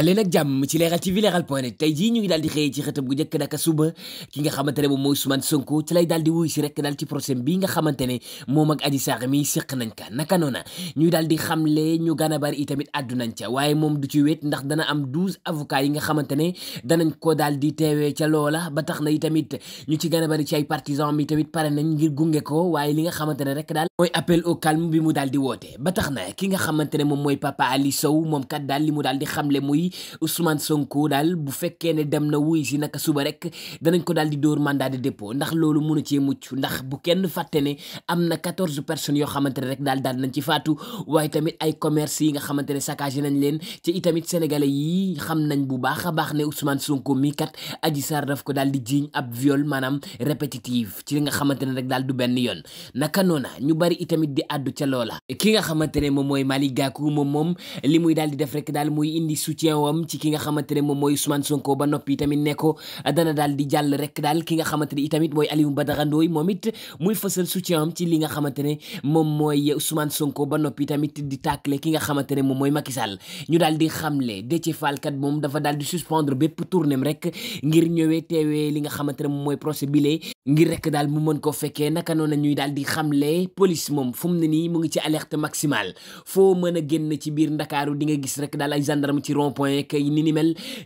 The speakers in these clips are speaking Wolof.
dalee nag jàmm ci leeral ci leeral point net tey jii ñu ngi daal ci xëtam gu njëkk naka suba ki nga xamante moom mooy Ousmane Sonko ci lay daal di wuy si rek daal ne moom ak Adji Sarr mi séq nañ ka naka noona ñuy daal di xamle ñu gën a bari nañ ca waaye moom du ci wéet ndax dana am douze avocats yi nga xamante ne danañ ko daal di teewee ca loola ba tax na itamit ñu ci gën a bari ci ay partisans mi tamit pare nañ ngir gunge ko waaye li nga xamante ne rek daal mooy appel au calme bi mu daal di woote ba tax na ki nga xamante ne moom mooy Papa Ali Sow moom kat daal li mu daal di xamle muy bi Ousmane Sonko daal bu fekkee ne dem na wuy si naka suba rek danañ ko daal di dóor mandat de dépôt ndax loolu mënu cee mucc ndax bu kenn fàtte ne am na quatorze personnes yoo xamante ne rek daal daal nañ ci faatu waaye tamit ay commerce yi nga xamante ne saccagé nañ leen ci itamit sénégalais yi xam nañ bu baax a baax ne Ousmane Sonko mi kat Adji Sarr daf ko daal di jiiñ ab viol maanaam répétitive ci li nga xamante ne rek daal du benn yoon naka noona ñu bari itamit di àddu ca loola ki nga xamante ne moom mooy Malick Gakou moom moom li muy daal di def rek daal muy indi soutien gannaawam ci ki nga xamante ne moom mooy Ousmane Sonko ba noppi tamit ne ko dana daal di jàll rek daal ki nga xamante ne itamit mooy Aliou Badara Ndoye moom it muy fësal soutien am ci li nga xamante ne moom mooy Ousmane Sonko ba noppi tamit di tàkkale ki nga xamante ne moom mooy Macky Sall ñu daal di xamle Déthié Fall kat moom dafa daal di suspendre bépp tournéem rek ngir ñëwee teewee li nga xamante ne moom mooy procès bile ngir rek daal mu mën koo fekkee naka noonu ñuy daal di xamle police moom fu mu ne nii mu ngi ci alerte maximale foo mën a génn ci biir ndakaaru di nga gis rek daal ay gendarme ci rond point kay ni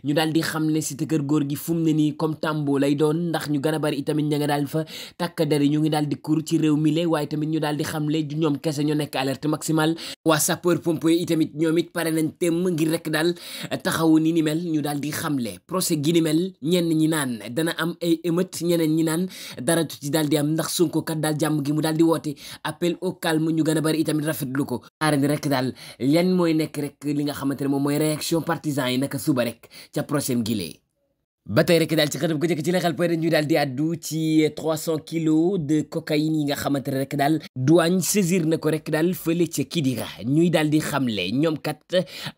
ñu daal di xamle Cité Keur Gorgui fu mu ne nii comme tambo lay doon ndax ñu gara bari itamit ña nga daal fa takk dari ñu ngi daal di kur ci réew mi le waaye tamit ñu daal di xamle du ñoom kese ñoo nekk alerte maximale waa sapeur pompier itamit ñoom it pare nañ temm ngir rek daal taxawu ni ni ñu daal di xamle procès gi ni mel ñi naan dana am ay émeute ñeneen ñi naan dara tu ci daal di am ndax Sonko kat daal jàmm gi mu daal di woote appel au calme ñu gën a bari itamit rafetlu ko aare ni rek daal yan mooy nekk rek li nga xamante ne moom mooy réaction partisan yi naka suba rek ca prochaine gilee ba tey rek daal ci xëtëb ko jëkk ci leexal point ñu daal de cocaïne yi nga xamante ne rek daal douane saisir na ko rek daal fële ca Kidira ñuy daal di xamle ñoom kat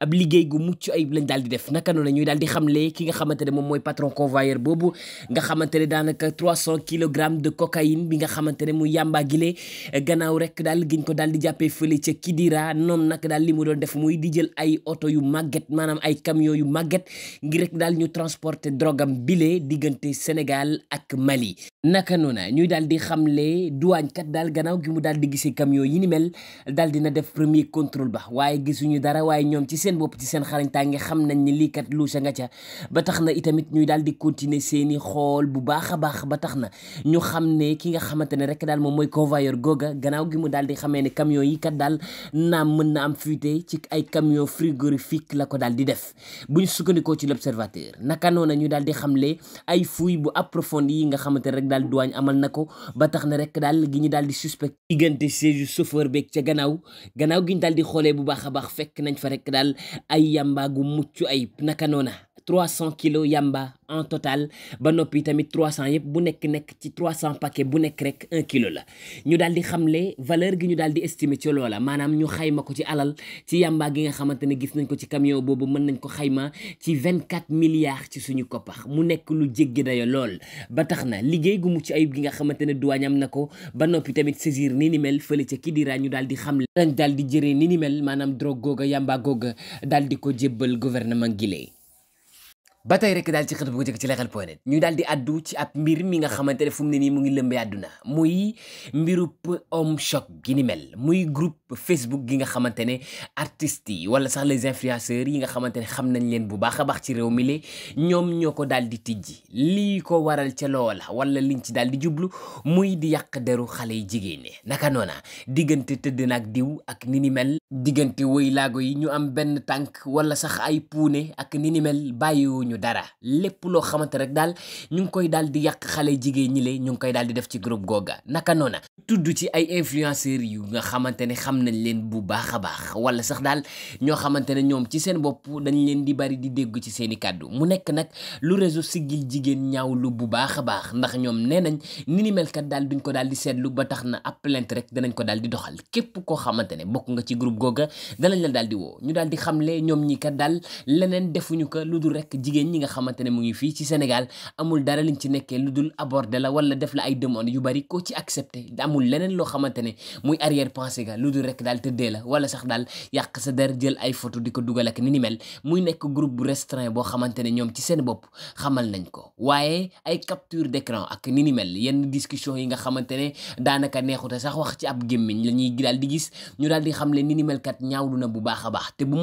ab liggéey gu mucc ayib lañ daal di def naka noonu ñuy daal di xamle ki nga xamante ne moom mooy patron convoyeur boobu nga xamante ne daanaka 300 kilogrammes de cocaïne bi nga xamante ne mu yàmbaa gilee gannaaw rek daal giñ ko daal di jàppee fële ca Kidira noon nag daal li mu doon def muy di jël ay oto yu màgget maanaam ay camions yu màgget ngir daal ñu transporter drogue dialogam bile diggante Sénégal ak Mali naka noona ñuy daal di xamle douane kat daal gannaaw gi mu daal di gisee camion yi ni mel daal dina def premier contrôle ba waaye gisuñu dara waaye ñoom ci seen bopp ci seen xarañtaange xam nañ ni lii kat nga ca ba tax na itamit ñuy daal di continuer seeni xool bu baax a baax ba tax na ñu xam ne ki nga xamante ne rek daal moom mooy convoyeur googa gannaaw gi mu daal di xamee ne camion yi kat daal naa mën na am fuité ci ay camion frigorifique la ko daal di def buñ sukkandikoo ci l'observateur naka noona ñu daal di le ay fouille bu approfondi yi nga xamante ne rek daal douane amal na ko ba tax na rek daal gi ñu daal di suspect diggante siège chauffeur beeg ca gannaaw gannaaw gi ñu daal di xoolee bu baax a baax fekk nañ fa rek daal ay yàmbaa gu mucc ayib naka noona 300 kilos yamba un total ba noppi tamit 300 yëpp bu nekk nekk ci 300 paquet bu nekk rek 1 kilo la ñu daal di xamle valeur gi ñu daal di estimer ci loola maanaam ñu xayma ko ci alal ci yamba gi nga xamante ne gis nañ ko ci camion boobu mën nañ ko xayma ci 24 milliards ci suñu koppax mu nekk lu jéggi dayo lool ba tax na liggéey gu mucc ayib gi nga xamante ne douane am na ko ba noppi tamit saisir ni ni mel fële ca Kidira ñu daal di xamle dañ daal di jëree ni ni mel maanaam drogue googa yamba daal di ko jébbal gouvernement gi ba tey rek daal ci xët bu njëkk ci leeral point net ñu daal di addu ci ab mbir mi nga xamante ne fu mu nii mu ngi lëmbee àdduna muy mbirub homme choc gi mel muy groupe Facebook gi nga xamante ne artistes yi wala sax les influenceurs yi nga xamante ne xam nañ leen bu baax a baax ci réew mi le ñoom ñoo ko daal di tijji lii ko waral ca loola wala liñ ci daal di jublu muy di yàq deru xale yi jigéen naka noona diggante tëdd naag diw ak ni mel diggante woy laago yi ñu am benn tànk wala sax ay puune ak ni ni mel defuñu dara lépp loo xamante rek daal ñu ngi koy daal di yàq xale jigéen ñi le ñu ngi koy daal di def ci groupe googa naka noona tudd ci ay influenceurs yu nga ne xam nañ leen bu baax a baax wala sax daal ñoo xamante ne ñoom ci seen bopp dañ leen di bari di dégg ci seen i kàddu mu nekk nag lu réseau siggil jigéen ñaaw lu bu baax a baax ndax ñoom nee nañ ni ni daal duñ ko daal di seetlu ba tax na ab plainte rek danañ ko daal di doxal képp koo xamante ne bokk nga ci groupe googa woo ñu daal di xamle ñoom ñi kat daal leneen defuñu ko lu dul rek jigéen yéen ñi nga xamante ne mu ngi fii ci Sénégal amul dara liñ ci nekkee lu dul aborder la wala def la ay demande yu bari ko ci accepté amul leneen loo xamante muy arrière pensée ga lu dul rek daal tëddee la wala sax daal yàq sa jël ay photo di ko dugal ak ni muy nekk groupe bu restreint boo xamante ne ñoom ci seen bopp xamal nañ ko waaye ay capture d'écran ak ni ni mel yenn discussion yi nga xamante ne daanaka neexute sax wax ci ab gémmiñ la ñuy daal di gis ñu daal di xam le ni ni mel kat ñaawlu na bu baax a baax te bu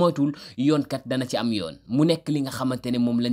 yoon kat dana ci am yoon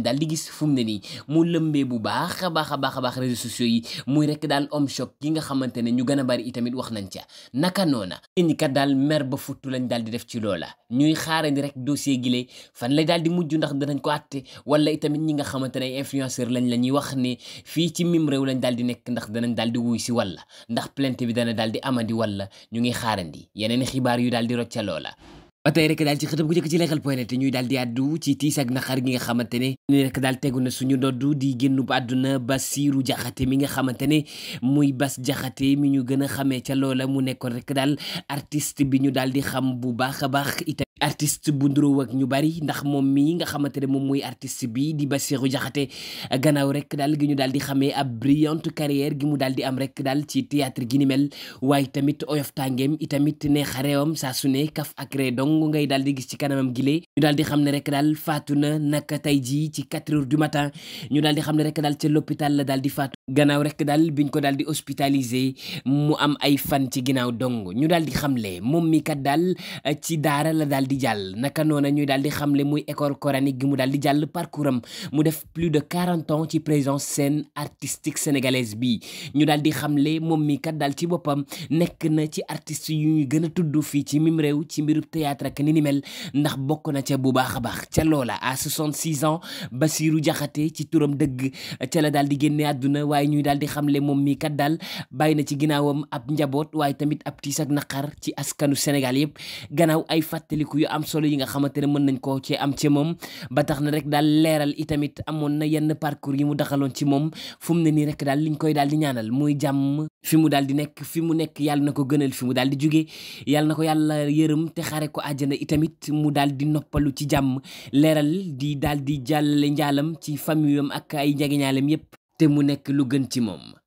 leen daal di gis fum ne nii mu lëmbee bu baax a baax a baax a baax réseaux sociaux yi muy rek daal homme choc gi nga xamante ne ñu gën bari itamit wax nañ ca naka noona indi kat daal mer ba futtu lañ daal di def ci loola ñuy xaarandi rek dossier gile fan lay daal di mujj ndax danañ ko àtte wala itamit ñi nga xamante ne influenceur lañ la ñuy wax ne fii ci mim réew lañ daal di nekk ndax danañ daal di wuy si walla ndax plainte bi dana daal di amandi walla ñu ngi xaarandi yeneen xibaar yu daal di rocca loola ba tey rek daal ci xëtëb gu njëkk ci leeral point ñuy daal di àddu ci tiis ak naxar gi nga xamante ne ni rek daal tegu na suñu ndodd di génn bu àdduna Basiiru Jaxate mi nga xamante ne muy Bas Jaxate mi ñu gën a xamee ca loola mu nekkoon rek daal artiste bi ñu daal di xam bu baax a baax itam artist bu nduroo ak ñu bari ndax moom mii nga xamante ne moom mooy artist bi di Bassirou Diakhaté gannaaw rek daal gi ñu daal di xamee ab brillante carrière gi mu daal di am rek daal ci théâtre gi ni mel waaye tamit oyof tàngeem itamit ne xareewam saa su ne kaf ak ree ngay daal di gis ci kanamam gile daal di xam ne rek daal faatu na naka tey jii ci 4 heures du matin ñu daal di xam ne rek daal ca l'hôpital la daal di faatu gannaaw rek daal biñ ko daal di hospitalisé mu am ay fan ci ginnaaw dong ñu daal di xamle moom mi kat daal ci daara la daal di jàll naka noona ñuy daal di xamle muy école coranique gi mu daal di jàll parcours am mu def plus de quarante ans ci présence scène artistique sénégalaise bi ñu daal di xamle moom mi kat daal ci boppam nekk na ci artistes yu ñuy gën a tudd fii ci mim réew ci mbirub théâtre ak ni ni mel ndax na ca bu baax a baax ca loola à 66 ans Basirou Diakhaté ci turam dëgg ca la daal di génne àdduna waaye ñuy daal di xamle moom mi kat dal bàyyi na ci ginnaawam ab njaboot waaye tamit ab tiis ak naqar ci askanu Sénégal yëpp gannaaw ay fàttaliku yu am solo yi nga xamante ne mën nañ koo cee am ci moom ba tax na rek daal leeral itamit amoon na yenn parcours yi mu daxaloon ci moom fu mu ne nii rek daal liñ koy daal di ñaanal muy jàmm fi mu daal di nekk fi mu nekk yàlla na ko gënal fi mu daal di jóge yàlla na ko yàlla yërëm te xare ko àjjana itamit mu daal di noppalu ci jàmm leeral di daal di jàllale njaalam ci famille yoom ak ay njegeñaalem yépp te mu nekk lu gën ci moom